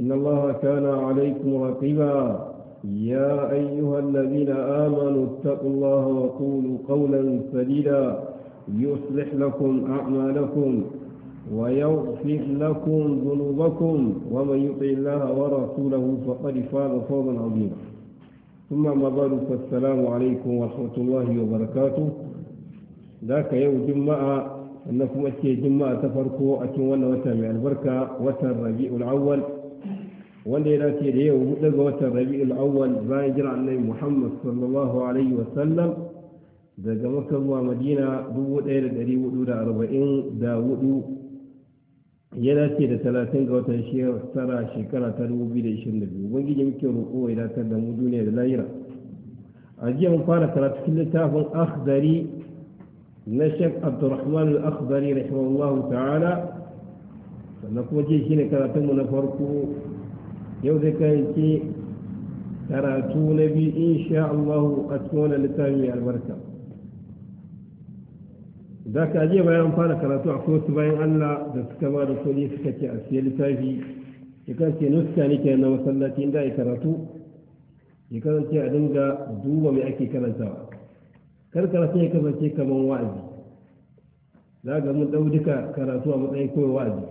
إن الله كان عليكم رقيبا يا أيها الذين آمنوا اتقوا الله وقولوا قولا سديدا يصلح لكم أعمالكم ويغفر لكم ذنوبكم ومن يطع الله ورسوله فقد فاز فوزا عظيما ثم ما بعد فالسلام عليكم ورحمة الله وبركاته ذاك يوم جمعة أنكم أتي جمعة تفرقوا أتي وانا وتابع البركة وتر ربيع الأول wanda ya dace da yau hudu ga watan rabi'ul awwal bayan jira annabi muhammad sallallahu alaihi wa sallam daga makka zuwa madina dubu ɗaya da ɗari hudu da arba'in da hudu ya dace da talatin ga watan shekara shekara ta dubu biyu da ishirin da biyu ubangiji muke roƙo ya dace da mu duniya da lahira a jiya mun fara karatu cikin littafin akhdari na shek abdurrahman al-akhdari rahimahullahu ta'ala sannan kuma jiya shine karatunmu na farko yau zai kayanke karatu na biyu insha Allah a cikin wani littafi mai albarka za ka ajiye bayan fara karatu a kotu bayan Allah da suka ba da kuɗi suka ce a siya littafi ya kasance nuska ne ke na masallaci inda ya karatu ya kasance a dinga duba mai ake karantawa kar karatu ya kasance kamar wa'azi za ga mun ɗau duka karatu a matsayin kawai wa'azi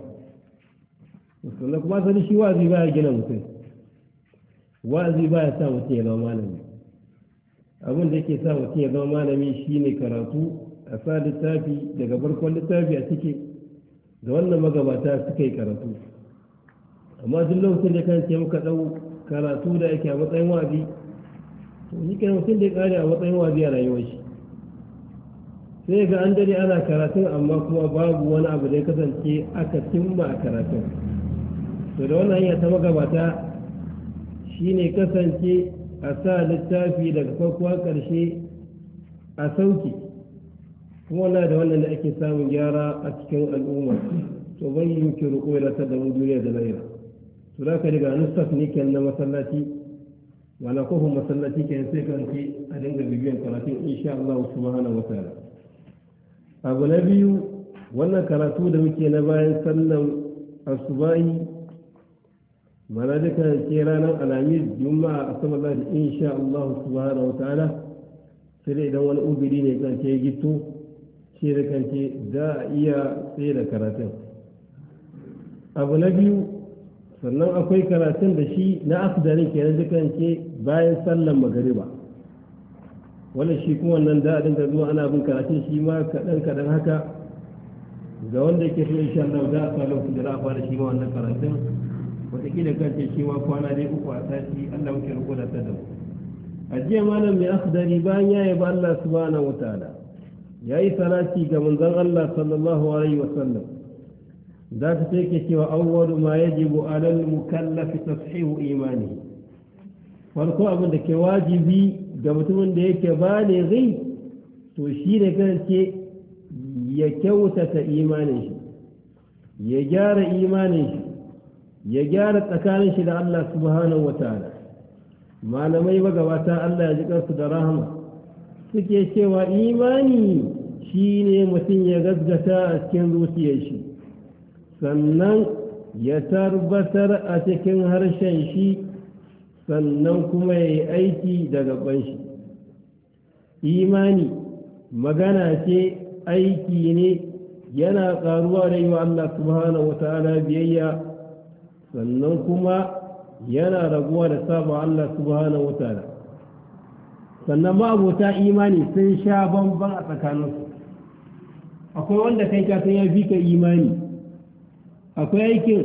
sannan kuma sani shi wa'azi baya gina mutum wa'azi ba ya sa mutum ya zama malami abin da yake sa mutum ya zama malami shine karatu a sa littafi daga farkon littafi a cike da wannan magabata suka yi karatu amma duk lokacin da kan ce muka ɗau karatu da yake a matsayin wa'azi to ni kan mutum da ya ƙare a matsayin wa'azi a rayuwar shi sai ga an dare ana karatun amma kuma babu wani abu da ya kasance aka cimma a karatun to da wannan hanya ta magabata shine kasance a sa littafi daga farko ƙarshe a sauki kuma na da wannan da ake samun gyara a cikin al'umma to ban yi ki roƙo ya da mu duniya da lahira to za ka daga nustaf ne kan na masallaci wala kofin masallaci kenan sai kan ce a dinga bibiyan karatun insha Allah subhanahu wa ta'ala abu na biyu wannan karatu da muke na bayan sallan asubahi mana duka ke ranar alhamis juma'a a sama ladi insha Allah subhanahu wa ta'ala sai da idan wani ubiri ne kan ce gito ce da kan ce za a iya tsaye da karatun abu na biyu sannan akwai karatun da shi na afdalin kenan dukan ce bayan sallan magariba wannan shi kuma nan da a dinga zuwa ana bin karatun shi ma kaɗan kaɗan haka ga wanda ke so insha Allah za a lokacin da za a fara shi ma wannan karatun wataƙila ka ce cewa kwana dai uku a sati Allah wuce riko da ta a jiya malam mai akhdari bayan ya yaba Allah subhanahu wa ya yi salati ga manzon Allah sallallahu alaihi wa sallam za ta take cewa awwalu ma yajibu alal mukallafi tashihu imani farko abin da ke wajibi ga mutumin da yake ba ne zai to shi ne kanke ya kyautata imanin shi ya gyara imanin shi ya gyara tsakanin shi da Allah subhanahu wa ta'ala malamai ba magabata Allah ya ji kansu da rahama suke cewa imani shi ne mutum ya gasgata a cikin zuciyar shi sannan ya tarbatar a cikin harshen shi sannan kuma ya yi aiki da gaban shi imani magana ce aiki ne yana ƙaruwa da yi wa Allah subhanahu wa ta'ala biyayya sannan kuma yana raguwa da saba Allah subhanahu wa da. sannan ma'abota imani sun sha bamban a tsakaninsu akwai wanda kai kasan ya fi ka imani akwai aikin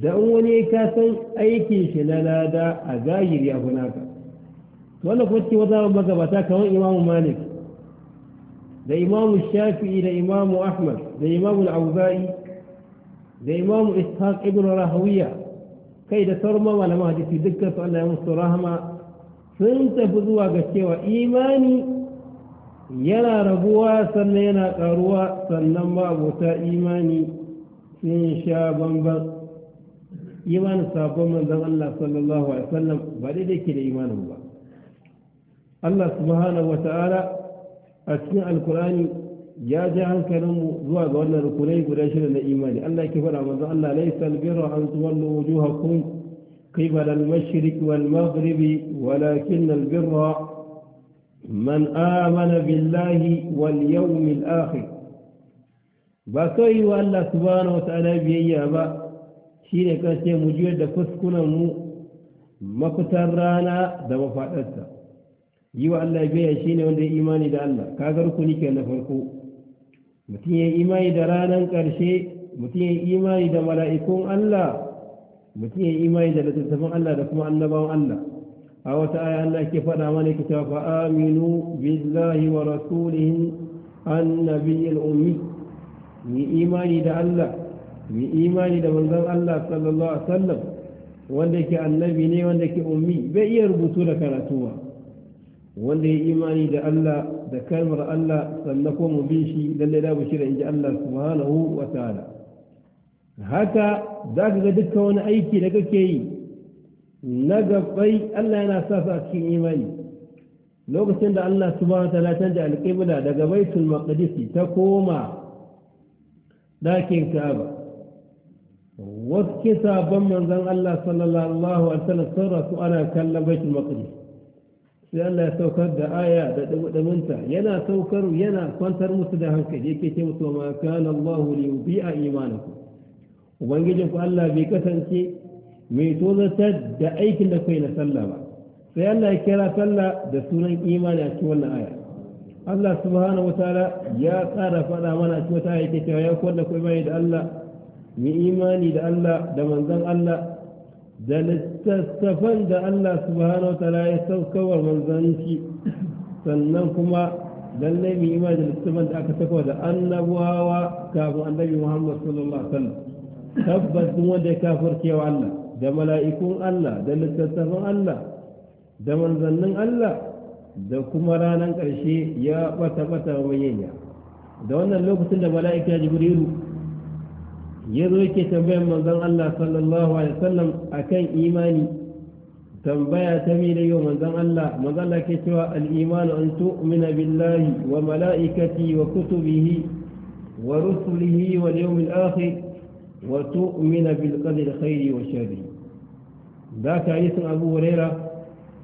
da in wani ka kasan aikin shi na lada a zahiri a hunaka wanda kuma cikin wata magabata kamar imamu malik da imamu shafi'i da imamu ahmad da imamu al'auza'i da imamu ishaq ibn rahawiya kai da sauran malaman hadisi dukkan su Allah ya musu rahama sun tafi zuwa ga cewa imani yana rabuwa sannan yana karuwa sannan ba abota imani sun sha bambam imanin sabon manzon Allah sallallahu alaihi wasallam ba daidai ke da imanin ba Allah subhanahu wa ta'ala a cikin alkurani ya ji hankalinmu zuwa ga wannan rukunai guda shirin na imani Allah ke faɗa manzo Allah laysa albirra an tuwallu wujuhakum qibala al-mashriq wal maghrib walakin albirra man amana billahi wal yawmil akhir ba sai wa Allah subhanahu ta'ala biyayya ba shine kan sai mu juyar da fuskunan mu mafitar rana da mafadarsa yi wa Allah biyayya shi wanda ya imani da Allah kaga rukuni ke na farko mutum ya imani da ranar ƙarshe mutum ya imani da mala'ikun Allah mutum ya imani da littattafan Allah da kuma annabawan Allah a wata aya Allah ke faɗa mana ki fa aminu billahi wa rasulihi annabiyil ummi yi imani da Allah yi imani da manzon Allah sallallahu alaihi wasallam wanda ke annabi ne wanda ke ummi bai iya rubutu da karatu ba wanda ya imani da Allah da kalmar Allah sannan ko mu bi shi lalle da mu da inji Allah subhanahu wa ta'ala haka za ka ga dukkan wani aiki da kake yi na gabai Allah yana sa sa cikin imani lokacin da Allah subhanahu wa ta'ala canja alƙibla daga baitul maqdis ta koma dakin Ka'aba wasu sabon manzon Allah sallallahu alaihi wa sallam sun ana kallon baitul maqdis sai Allah ya saukar da aya da dumudumunta yana saukar yana kwantar musu da hankali yake ce musu ma kana Allahu li yubi'a imanakum ubangijin ku Allah bai kasance mai tozartar da aikin da kai na sallah ba sai Allah ya kira sallah da sunan imani a cikin wannan aya Allah subhanahu wataala ya tsara faɗa mana cikin wata aya yake cewa ya kwalla kai bai da Allah mu imani da Allah da manzon Allah da littattafan da Allah subhanahu wa ta'ala ya saukawar manzanci sannan kuma lallai mu imani da littattafan da aka sakawa da annabawa kafin annabi Muhammad sallallahu alaihi wasallam tabbas wanda ya kafirce wa Allah da mala'ikun Allah da littattafan Allah da manzannin Allah da kuma ranar ƙarshe ya bata bata wa manyanya da wannan lokacin da mala'ika jibrilu ya yake tambayan manzon Allah sallallahu alaihi wasallam akan imani tambaya ta mi da yau manzon Allah manzon Allah ke cewa al iman an tu'mina billahi wa mala'ikati wa kutubihi wa rusulihi wal yawmil akhir wa tu'mina bil qadri khairi wa sharri da ka yi sun Abu Huraira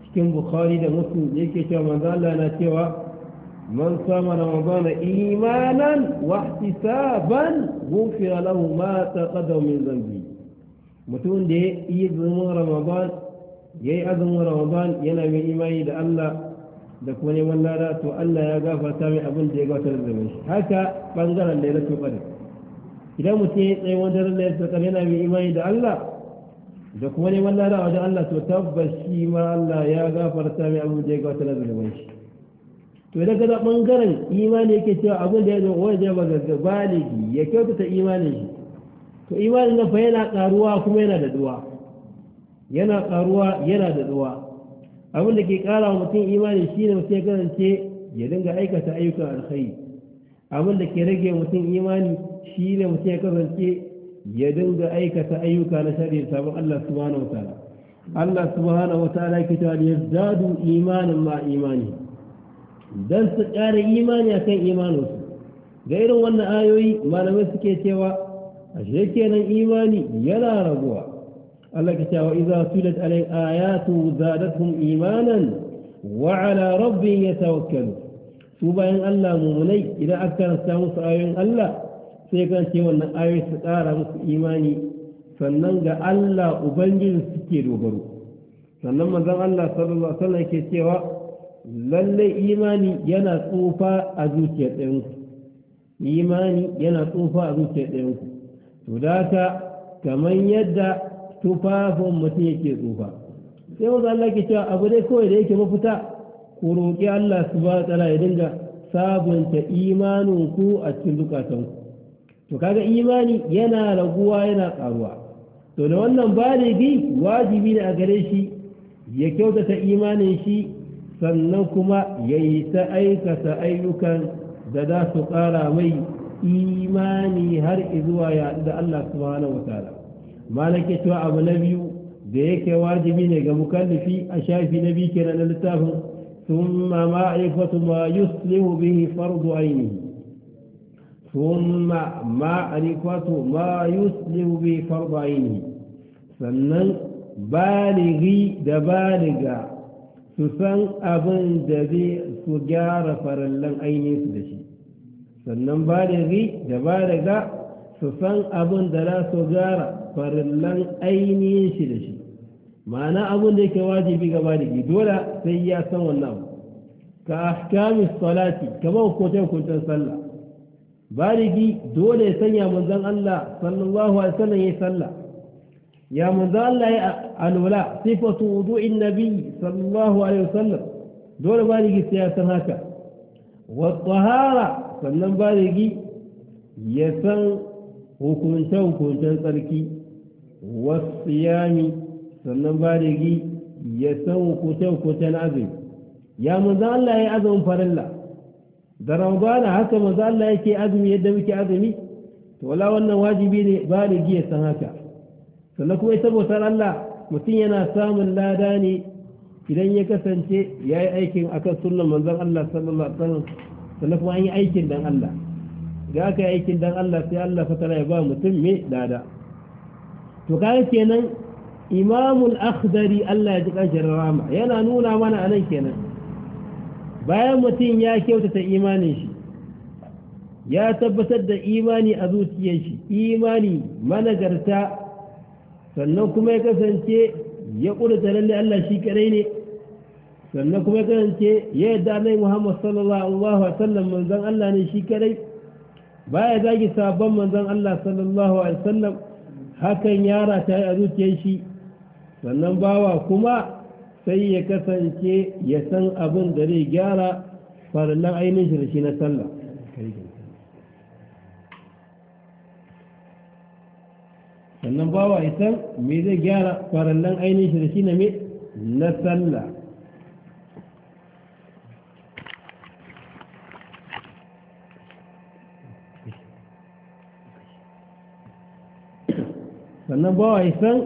cikin Bukhari da Muslim yake cewa manzon Allah na cewa من صام رمضان إيمانا واحتسابا غفر له ما تقدم من ذنبه متون دي يظلم إيه رمضان يي أظلم إيه رمضان ينام إيماني دا الله دا كوني من نارا تو الله يا غافا تامي أبن دي غوتر الزمش هكا بانغرا ليلة تقرر إذا متين أي وندر الليلة تقرر ينام إيماني دا الله دا كوني من نارا وجه الله تو تبشي ما الله يا غافا تامي أبن دي غوتر الزمش to daga da bangaren imani yake cewa abin da ya zo waje ba ga baligi ya kyautata imanin shi to imanin na fa yana karuwa kuma yana da duwa yana karuwa yana da duwa abin da ke ƙara wa mutum imani shine mutum ya kasance ya dinga aikata ayyukan alkhairi abin da ke rage mutum imani shine mutum ya kasance ya dinga aikata ayyuka na shari'a sabon Allah subhanahu wataala Allah subhanahu wataala yake cewa yazdadu imanan ma imani don su ƙara imani akan imaninsu ga irin wannan ayoyi malamai suke cewa a kenan imani yana raguwa Allah ke cewa iza tulat alai ayatu zadatuhum imanan wa ala rabbi yatawakkalu su bayan Allah mumunai idan aka karanta musu ayoyin Allah sai kan ce wannan ayoyi su ƙara musu imani sannan ga Allah ubangiji suke dogaro sannan manzon Allah sallallahu alaihi wasallam yake cewa lalle imani yana tsufa a zuciyar ɗayanku imani yana tsufa a zuciyar ɗayanku to data kamar yadda tufafin mutum yake tsufa sai wanda Allah ke cewa abu dai kawai da yake mafita ku roƙi Allah su ba tsara ya dinga sabunta imanin ku a cikin zukatanku to kaga imani yana raguwa yana ƙaruwa to da wannan bi wajibi ne a gare shi ya kyautata imanin shi sannan kuma ya yi ta aikata ayyukan da za su ƙara mai imani har izuwa ya da Allah subhanahu wataala malake cewa abu na biyu da yake wajibi ne ga mukallifi a shafi na biyu kenan na littafin ثم معرفة ما يصلح به فرض عينه ثم معرفة ma يصلح bihi fardu عينه sannan baligi da baliga su san abin da zai su gyara farallan ainihin su da shi sannan ba da zai da ba da ga su san abin da za su gyara farallan ainihin shi da shi ma'ana abin da yake wajibi gaba da gi dole sai ya san wannan abu ka ahkami salati kamar hukuncin hukuncin sallah ba da gi dole ya sanya manzan Allah sallallahu alaihi wasallam ya yi sallah ya manzo Allah ya alwala sifatu wudu'in nabi sallallahu alaihi wasallam dole baligi sai ya san haka wa tahara sannan baligi ya san hukunce hukuncen tsarki wa siyami sannan baligi ya san hukunce hukuncen azumi ya manzo Allah ya azumin farilla da ramadana haka manzo Allah yake azumi yadda muke azumi to wala wannan wajibi ne baligi ya san haka sannan kuma ita bautar Allah mutum yana samun lada ne idan ya kasance ya yi aikin a kan sunan manzan Allah sallallahu alaihi sannan kuma an yi aikin dan Allah ga aka yi aikin dan Allah sai Allah fatara ya ba mutum mai lada to kaga kenan imamul akhdari Allah ya ji kanshi rama yana nuna mana a nan kenan bayan mutum ya kyautata imanin shi ya tabbatar da imani a zuciyar shi imani managarta sannan kuma ya kasance ya ƙudurta lalle Allah shi kadai ne sannan kuma ya kasance ya yadda nai Muhammad sallallahu alaihi wasallam manzon Allah ne shi kadai baya zagi sabon manzon Allah sallallahu alaihi wasallam hakan yara ta a zuciyar shi sannan bawa kuma sai ya kasance ya san abin da zai gyara farallan ainihin shi da shi na sallah sannan bawa ya san me zai gyara farallan ainihin shi da shi na me na sallah sannan bawa ya san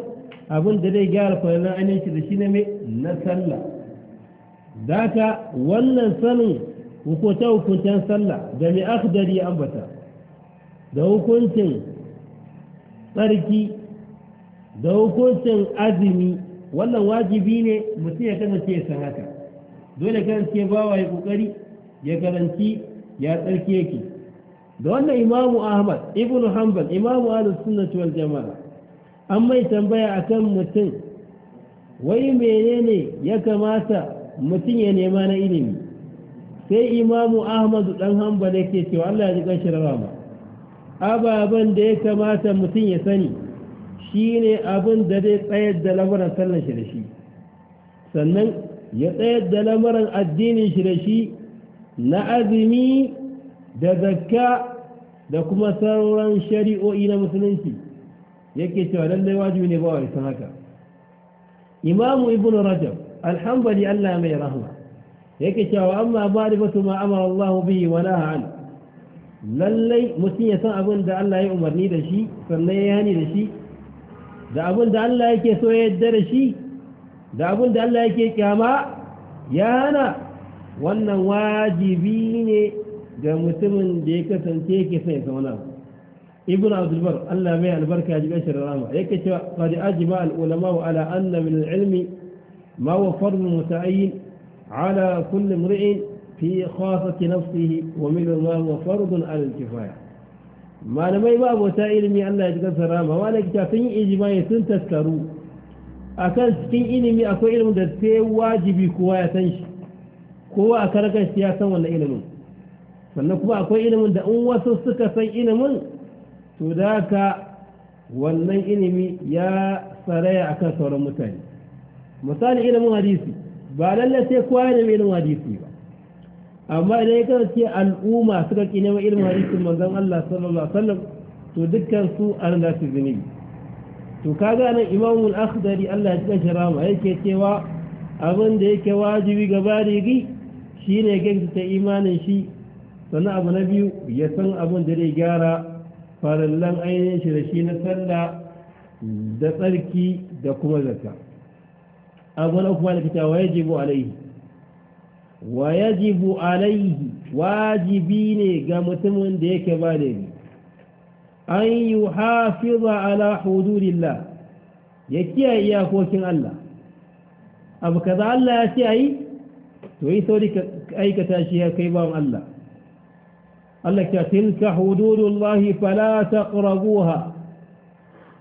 abin da zai gyara farallan ainihin shi da shi na me na sallah data wannan sanin hukunta hukuntar sallah da mai akhdari ambata da hukuncin tsarki da hukuncin azumi wannan wajibi ne mutum ya kasance ya san haka dole kasance bawa ya kokari ya karanci ya tsarki yake da wannan imamu ahmad ibnu hanbal imamu ahlus sunna wal jama'a an mai tambaya akan mutum wai menene ya kamata mutum ya nema na ilimi sai imamu ahmad dan hanbal yake cewa Allah ya ji kashi rama ababen da ya kamata mutum ya sani shi ne abin da zai tsayar da lamuran sallar shi da shi sannan ya tsayar da lamuran addinin shi da shi na azumi da zakka da kuma sauran shari'o'i na musulunci yake cewa lallai wajibi ne ba wa isa haka imamu ibn rajab alhambali allah mai rahama yake cewa amma ba da ma amara allahu bihi wa naha lallai mutum ya san abin da Allah ya umarni da shi sannan ya yani da shi da abin da Allah yake so ya yadda da shi da abin da Allah yake kyama ya hana wannan wajibi ne ga mutumin da ya kasance yake sai ta wannan ibn abdulbar Allah mai albarka ji bashir rama yake cewa qad ajma al ulama wa ala anna min al ilmi ma huwa fard muta'ayyin ala kulli mri'in في خاصة نفسه ومن الله وفرض على الكفاية ما لم يبقى وسائل من الله يتقل سرامة ما لك تقين إجماع تذكروا أكل سكين إنمي أكو إلم دستي واجب كوا يتنش كوا أكرك سياسا ولا إلم فلنكوا أكو إلم دأون وسوسك سي إلم تداك والنين إنمي يا سريع كثر متاني متاني إلم حديثي بعد الله تكوا من إلم حديثي amma idan ya kasance al'umma suka ki neman ilimin hadisin manzon Allah sallallahu alaihi wasallam to dukkan su an za su zunubi to kaga nan imamu al-akhdari Allah ya ji rama yake cewa abin da yake wajibi ga bariri shine ya ta imanin shi sannan abu na biyu ya san abin da zai gyara farallan ainihin shi da shi na sallah da tsarki da kuma zakka abu na kuma da kitawa ya jibo alaihi wa yajibu alaihi wajibi ne ga mutumin da yake ba da malami an yi hafiza ala hududillah ya kiyaye iyakokin Allah abu kaza Allah ya ce yi? to yi sauri ka aikata shi ya kai bawan Allah Allah ta tilka hududullahi fala taqrabuha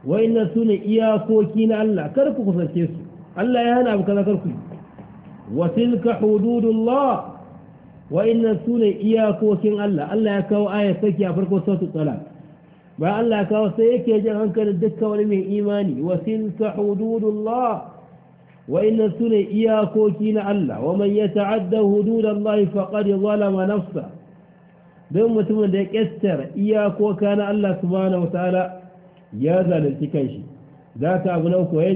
wa inna sunna iyakokin Allah kar ku kusance su Allah ya hana abu kaza kar ku yi وتلك حدود الله وإن سنة إياكوكين الله الله يكاو آية سكي أفرقو صوت الطلاق با الله يكاو سيكي جهن كان الدكة ولمه إيماني وتلك حدود الله وإن سنة إياكوكين الله ومن يتعدى حدود الله فقد ظلم نفسه don mutumin دا ya ƙestar iyakoka الله سبحانه وتعالى wa ta'ala ya zalunci kanshi za ta abu na uku ya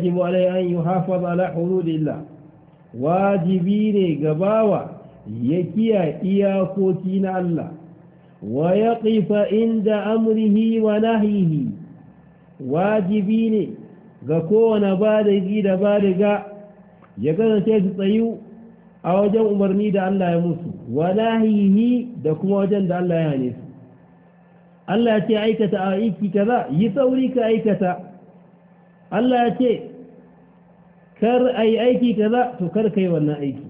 wajibi ne ga bawa ya kiya iyakoki na Allah wa ya ƙifa inda amrihi wa nahihi wajibi ne ga kowane baligi da baliga ya kasance su tsayu a wajen umarni da Allah ya musu wa nahihi da kuma wajen da Allah ya hane Allah ya ce aikata a aiki kaza yi sauri ka aikata Allah ya ce kar a yi aiki kaza to kar ka yi wannan aiki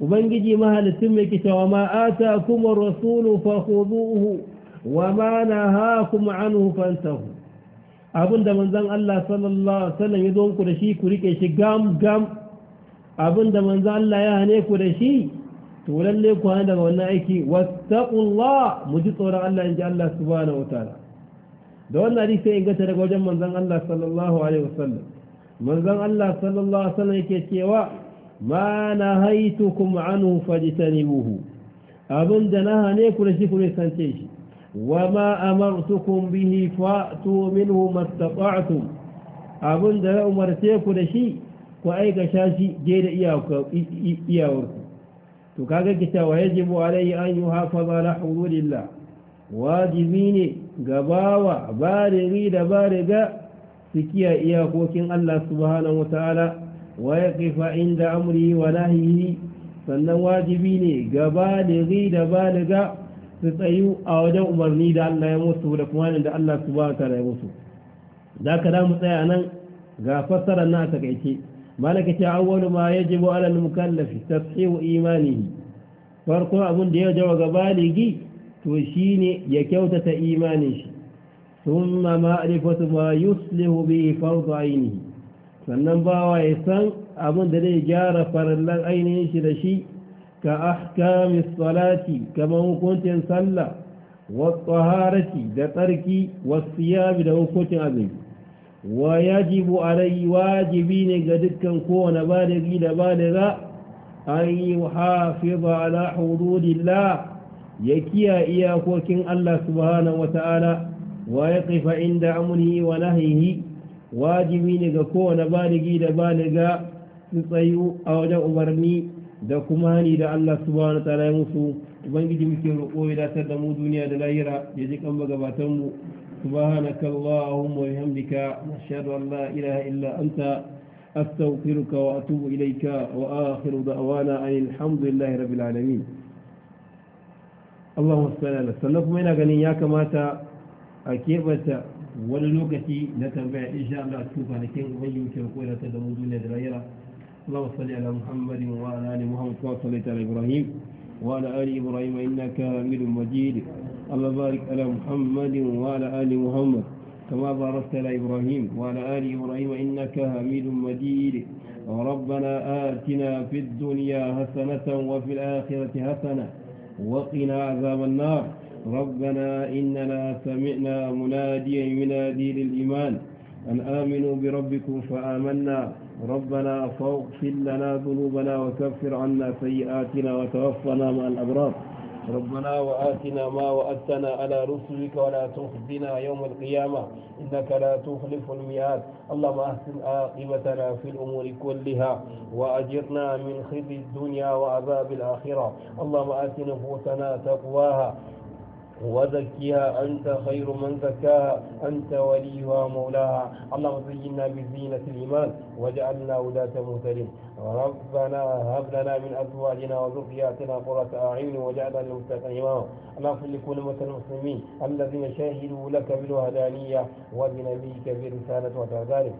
ubangiji mahalittun mai kitawa ma ata kuma rasulu fa khuduhu wa ma nahakum anhu fantahu abinda manzon Allah sallallahu alaihi wasallam ya zo ku da shi ku rike shi gam gam abinda manzon Allah ya hane ku da shi to lalle ku hana daga wannan aiki wastaqullah mu ji tsoron Allah inji Allah subhanahu wataala da wannan hadisi in inganta daga wajen manzon Allah sallallahu alaihi wasallam منذن الله صلى الله عليه وسلم ما نهيتكم عنه فاجتنبوه أبن دناها نيكو لشيكو لسانتيشي وما أمرتكم به فأتوا منه ما استطعتم أبن دناها أمرتيكو لشي وأيك شاشي جير إياوركو تكاكا كتا ويجب عليه أن يحافظ على حضور الله واجبيني قباوة بارغي لبارغة sikiya iyakokin Allah subhanahu wataala wa yaqifa inda amri wa nahyihi sannan wajibi ne gaba da baligi da baliga su tsayu a wajen umarni da Allah ya musu da kuma da Allah subhanahu ta’ala ya musu da ka mu tsaya nan ga fassara na takaice malaka ce awwalu ma yajibu ala al-mukallafi tashihu imanihi farko abin da ya jawa ga baligi to shine ya kyautata imanin shi ثم معرفة ما يصلح به فرض عينه فننبا وإسان أمن دلي جار فرلا عينه شرشي كأحكام الصلاة كما هو كنت صلى والطهارة دتركي والصيام له كنت أبي ويجب علي واجبين قدك كون بالغي لبالغا أن يحافظ على حدود الله يكيا إياكوكين الله سبحانه وتعالى ويقف عند أمره ونهيه واجبين كون بالغي دبالغا تطيو أو جاء أمرني دكماني الله سبحانه وتعالى يمسو وانجي جمسي رؤوه إلى سلمو دنيا دلائرة يجيك أمبغا باتمو سبحانك اللهم وبحمدك نشهد أن لا إله إلا أنت أستغفرك وأتوب إليك وآخر دعوانا أن الحمد لله رب العالمين اللهم صل على سلمك وإنا غنياك ماتا a keɓata wani lokaci na tambaya insha Allah cikin kwanakin ubangiji ko na ta da mu duniya da lahira اللهم صل على محمد وعلى ال محمد كما صليت على ابراهيم وعلى ال ابراهيم انك حميد مجيد اللهم بارك على محمد وعلى ال محمد كما باركت على ابراهيم وعلى ال ابراهيم انك حميد مجيد ربنا آتنا في الدنيا حسنة وفي الآخرة حسنة وقنا عذاب النار ربنا إننا سمعنا مناديا ينادي للإيمان أن آمنوا بربكم فآمنا ربنا فاغفر لنا ذنوبنا وكفر عنا سيئاتنا وتوفنا مع الأبرار ربنا وآتنا ما وأتنا على رسلك ولا تخزنا يوم القيامة إنك لا تخلف الميعاد اللهم أحسن عاقبتنا في الأمور كلها وأجرنا من خزي الدنيا وعذاب الآخرة اللهم آت نفوسنا تقواها وزكيها أنت خير من زكاها أنت وليها مولاها اللهم زينا بزينة الإيمان وجعلنا ولاة مهتدين ربنا هب لنا من أزواجنا وذرياتنا قرة أعين وجعلنا للمتقين إماما اللهم صل لكل المسلمين الذين شهدوا لك بالوهدانية وبنبيك برسالة وتعذارك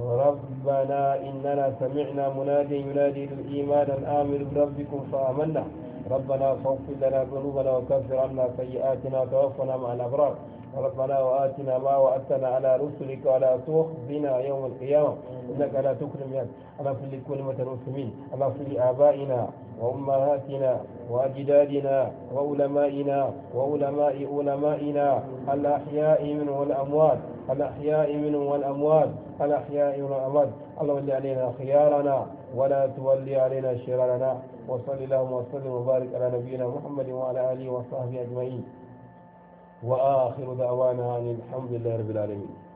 ربنا إننا سمعنا منادي ينادي للإيمان الآمر بربكم فآمنا ربنا فاغفر لنا ذنوبنا وكفر عنا سيئاتنا وتوفنا مع الأبرار ربنا وآتنا ما وعدتنا على رسلك ولا تخزنا يوم القيامة إنك لا تكرم يد الله في لكلمة المسلمين الله في ابائنا وأمهاتنا وأجدادنا وعلمائنا وعلماء علمائنا الأحياء منه والأموات الأحياء منهم والأموات الأحياء والأموات اللهم ول علينا خيارنا ولا تولي علينا شرارنا وصل اللهم وسلم وبارك على نبينا محمد وعلى آله وصحبه أجمعين وآخر دعوانا أن الحمد لله رب العالمين